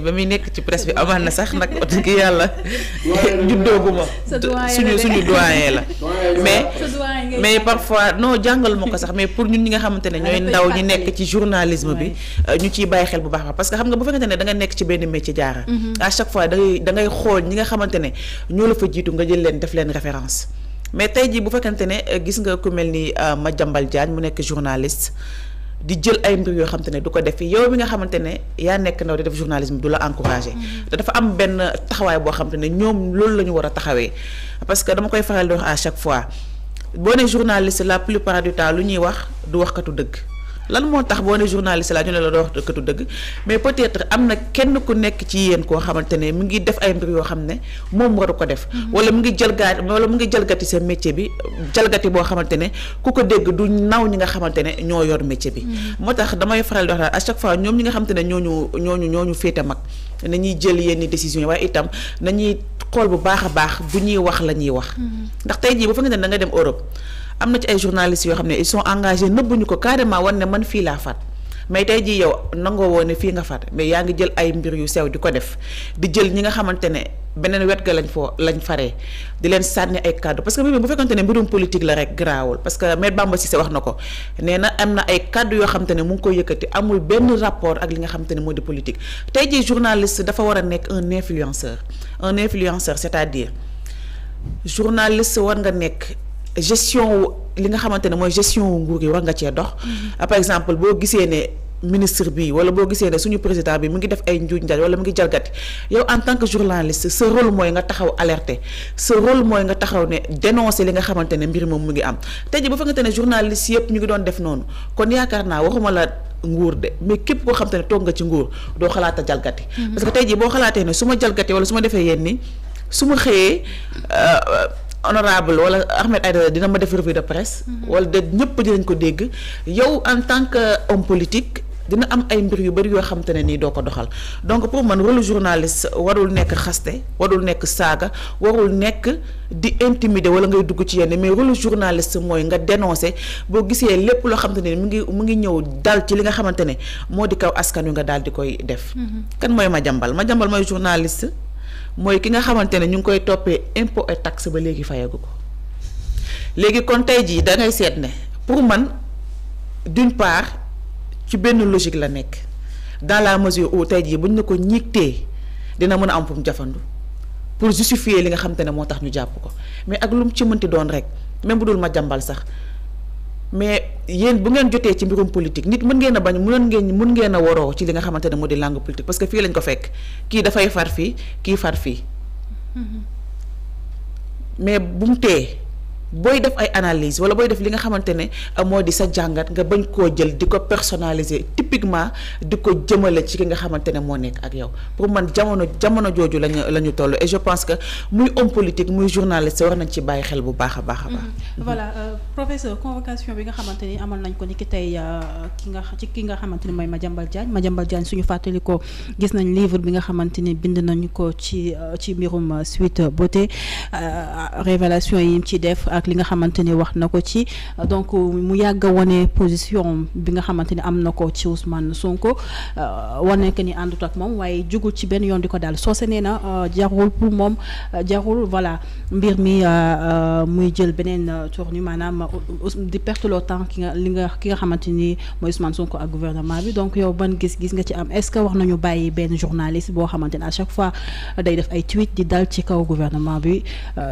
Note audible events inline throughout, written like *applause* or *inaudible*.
muy ba muy nekk ci presse bi amaan na sax nag wax dëgg yàlla *laughs* juddoogu ma suñu suñu doyen la mais mais parfois non jàngal ma ko sax mais pour ñun ñi nga xamante ne ñooy ndaw ñu nekk ci journalisme bi euh, ñu ciy bàyyi xel bu baax baax parce que xam nga bu fekkante ne da nga nekk ci benn métier jaara mm-hmm. à chaque fois da ngay da xool ñi nga xamante ne ñoo la fa jiitu nga jël leen def leen référence mais tey jii bu fekkante ne euh, gis nga ko mel ni ma euh, Madiambal Diagne mu nekk journaliste di jël ay mbir yoo xam ne du ko def yow bi nga xamante ne yaa nekk ndaw di def journalisme du la encouragé mm-hmm. te dafa am benn taxawaay boo xam te ne ñoom loolu la ñu war a taxawee parce que dama koy faral di wax à chaque fois boo ne journaliste la plupart du temps lu ñuy wax du waxkatu dëgg lan moo tax boo ne journaliste la ñu ne la doo wax këtu dëgg mais peut-être am na kenn ku nekk ci yéen koo xamante ne mu ngi def ay mbir yoo xam ne moom waru ko def. Mm-hmm. wala mu ngi jalgaati wala mu ngi jalgati sa métier bi jalgati boo xamante ne ku ko dégg du naw ñi nga xamante ne ñoo yor métier bi. Mm-hmm. moo tax damay faral di wax à chaque fois ñoom ñi nga xamante ne ñooñu ñooñu ñooñu féete mag nañuy jël yenn décision yi waaye itam nañuy xool bu baax a baax bu ñuy wax la ñuy wax. Mm-hmm. ndax tey jii bu fekkee ne da nga dem Europe. am na ci ay journalistes yoo xam ne ils sont engagés nëbbuñu ko carrément wan ne man fii laa faat mais tey jii yow nangoo woo fii nga faat mais yaa ngi jël ay mbir yu sew di ko def di jël ñi nga xamante ne beneen wet ga lañ foo lañ fare di leen sànni ay kàddu parce que mbir bu fekkante ne mbirum politique la rek garaawul parce que maître Bamba Cissé wax na ko nee na am na ay kàddu yoo xamante ne mu ngi koy yëkkati amul benn rapport ak li nga xamante ne moo di politique tey jii journaliste dafa war a nekk un influenceur un influenceur c'est-à-dire journaliste war nga nekk. gestion wu li nga xamante ne mooy gestion wu nguur gi war nga cee dox. Mhm. par exemple boo gisee ne ministre bi wala boo gisee ne suñu président bi mu ngi def ay njuuj njaaj wala mu ngi jalgati yow en tant que journaliste sa rôle mooy nga taxaw alerter sa rôle mooy nga taxaw ne li nga xamante ne mbir moom mu ngi am tey ji bu fekkente ne journaliste yëpp ñu ngi doon def noonu kon yaakaar naa waxuma la. nguur de mais képp koo xam te ne toog nga ci nguur doo xalaata jalgati mhm. parce que tey jii boo xalaatee ne su ma jalgatee wala su ma defee yenn su ma xëyee euh, honorable wala Ahmed Aïdara dina ma def revue de presse. Mhm. wala de ñëpp dinañ ko dégg. yow en tant que homme politique dina am ay mbir yu bëri yoo xam ne nii doo ko doxal donc pour man rôle journaliste warul nekk xaste warul nekk saaga warul nekk di intimider wala ngay dugg ci yenn mais rôle journaliste mooy nga dénoncer boo gisee lépp loo xam ne mu ngi mu ngi ñëw dal ci li nga xamante ne moo di kaw askan wi nga daal di koy def. Mhm. kan mooy Madiambal Madiambal mooy journaliste. mooy ki nga xamante ne ñu ngi koy toppee impôt et taxe ba léegi fayagu ko léegi kon tey jii da seet ne pour man d'une part ci benn logique la nekk dans la mesure où tey jii buñ ne ko ñiigtee dina mën a am fu mu jafandu pour justifier li nga xamante ne moo tax ñu jàpp ko mais ak lu mu ci mënti doon rek même bu dul ma jàmbal sax. mais yéen bu ngeen jotee ci mbirum politique nit mën ngeen a bañ mënoon ngeen mën ngeen a waroo ci li nga xamante ne moo di langue politique parce que fii lañ ko fekk kii dafay far fii kii far fii mm-hmm. mais bu mu tee booy def ay analyse wala booy def li nga xamante ne euh, moo di sa jàngat nga bañ koo jël di ko personnaliser typiquement di ko jëmale ci ki nga xamante ne moo nekk ak yow pour man jamono jamono jooju lañu la ñu toll je pense que muy politique muy journaliste war nañ ci bàyyi xel bu baax a baax a mm-hmm. voilà euh, professeur bi nga xamante ni amal nañ ko ni ki tey euh, ki nga ci ki nga xamante ni mooy Madiambal Diagne Madiambal Diagne suñu fàttali ko gis nañ livre bi nga xamante ni bind nañu ko ci euh, ci mbirum Sweet Beauté révélation yi mu ci def li nga xamante ni wax na ko ci donc mu yàgg a wane position bi nga xamante ni am na ko ci Ousmane Sonko euh, wane que ni àndut ak moom waaye jugul ci benn yoon di ko daal soo se nee na euh, jarul pour moom euh, jarul voilà mbir mi muy jël beneen tournure maanaam di perte le temps ki nga li nga ki nga xamante ni mooy Ousmane Sonko ak gouvernement bi donc yow ban gis-gis nga ci am est-ce que wax nañu bàyyi benn journaliste boo xamante ne à chaque fois day def ay tweet di dal ci kaw gouvernement bi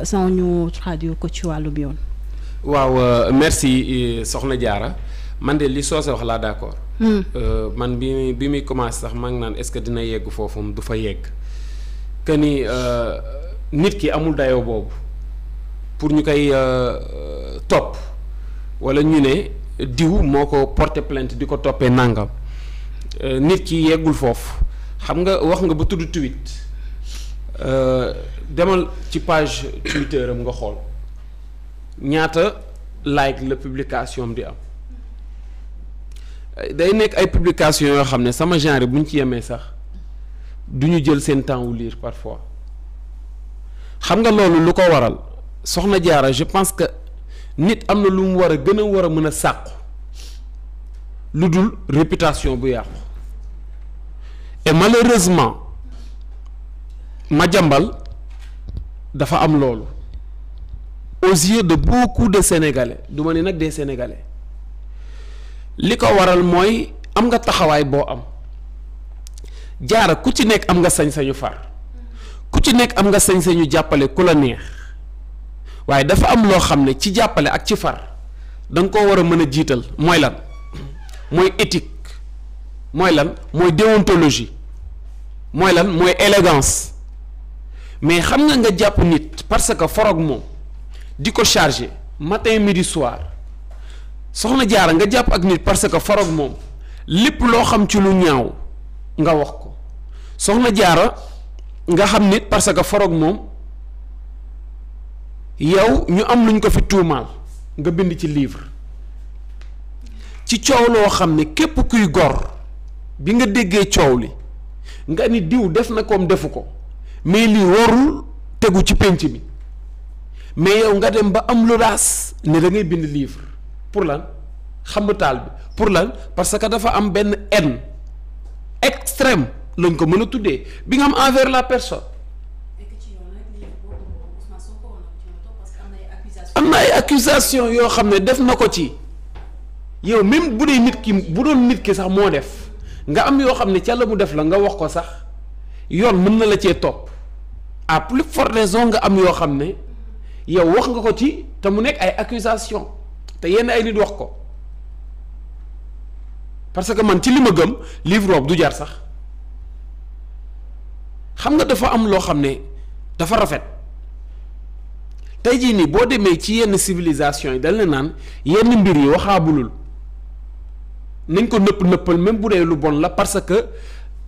sans ñu traduire ci wàllu bi waaw euh, merci euh, soxna jaara man de li soose wax laa d'accord. Hmm. Euh, man bi bi muy commencé sax man ngi naan est que dina yegg foofu du fa yegg que ni nit ki amul dayoo boobu pour ñu koy topp walla ñu ne diw moo ko porter plainte di ko toppee nangam nit ki yeggul foofu xam nga wax nga ba tudd tweet demal ci page Twitter am nga xool. ñaata like la publication di am day nekk ay publication yoo xam ne sama genre bu ñu ci yemee sax du ñu jël seen temps wu lire parfois xam nga loolu lu ko waral soxna jaara je pense que nit am na lu mu war a gën a war a mën a sàqu lu dul réputation bu yàqu et malheureusement ma jàmbal dafa am loolu aux yeux de beaucoup de sénégalais du ma ne nag des sénégalais li ko waral mooy am nga taxawaay boo am jaara ku ci nekk am nga sañ-sañu far ku ci nekk am nga sañ-sañu jàppale ku la neex waaye dafa am loo xam ne ci jàppale ak ci far danga nga koo war a mën a jiital mooy lan mooy éthique mooy lan mooy déontologie mooy lan mooy élégance mais xam nga nga jàpp nit parce que foroog moom. di ko chargé matin midi soir soxna jaara nga jàpp ak nit parce que faroog moom lépp loo xam ci lu ñaaw nga wax ko soxna jaara nga xam nit parce que faroog moom yow ñu am luñ ko fi tuumaal nga bind ci livre ci coow loo xam ne képp kuy gor bi nga déggee coow li nga ni diw def na koom defu ko mais li warul tegu ci pénc mi mais yow nga dem ba am l'audace ne dangay bind livre pour lan xam taal bi pour lan parce que dafa am benn haine extrême lañ ko mën a tuddee bi nga am envers la personne. am na ay accusation yoo xam ne def na ko ci yow même bu dee nit ki bu doon nit ki sax moo def nga am yoo xam ne ca la mu def la nga wax ko sax yoon mën na la cee topp à plus forte raison nga am yoo xam ne. yow wax nga ko ci te mu nekk ay accusation te yenn ay nit wax ko parce que man ci li ma gëm livre du jar sax xam nga dafa am loo xam ne dafa rafet tey jii nii boo demee ci yenn civilisation yi dañ la naan yenn mbir yi waxaabulul nañ ko nëpp nëppal même bu dee lu bon la parce que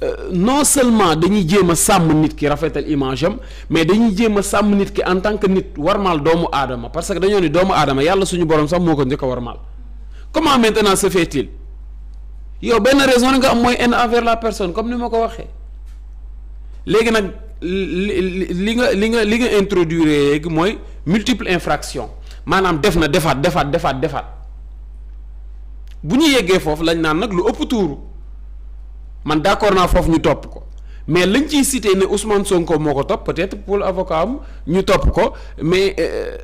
Euh, non seulement dañuy jéem a sàmm nit ki rafetal image am mais dañuy jéem a sàmm nit ki en tant que nit warmaal doomu aadama parce que dañoo ni doomu aadama yàlla suñu borom sax moo ko njëkk a warmaal comment maintenant se fait-il yow benn raison nga am mooy haine envers la personne comme ma ko waxee nag li nga li nga li nga introduire léegi mooy multiple infraction maanaam def na defaat defaat defaat defaat bu ñu yeggee foofu lañ naan nag lu ëpp tuuru. man d'accord naa foofu ñu topp ko mais lañ ci cité ne Ousmane Sonko moo ko topp peut-être pour avocat am ñu topp ko mais euh,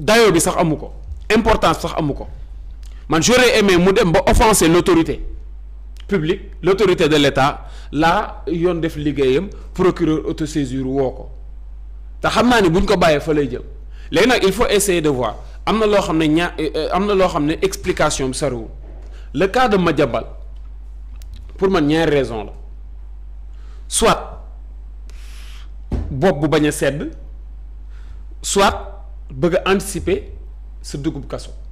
dayoo bi sax amu ko importance sax amu ko man j'aurais aimé mu dem ba offenser l'autorité publique l'autorité de l'État laa yoon def liggéeyam procureur autosaisir woo ko te xam naa ni buñ ko bàyyee fa lay jëm léegi nag il faut essayer de voir am na loo xam ne ñaa euh, am na loo xam ne explication bi sariwul le cas de Madiambal pour man ñaari raison la soit bopp bu bañ a sedd soit bëgg a anticiper sa dugub kaso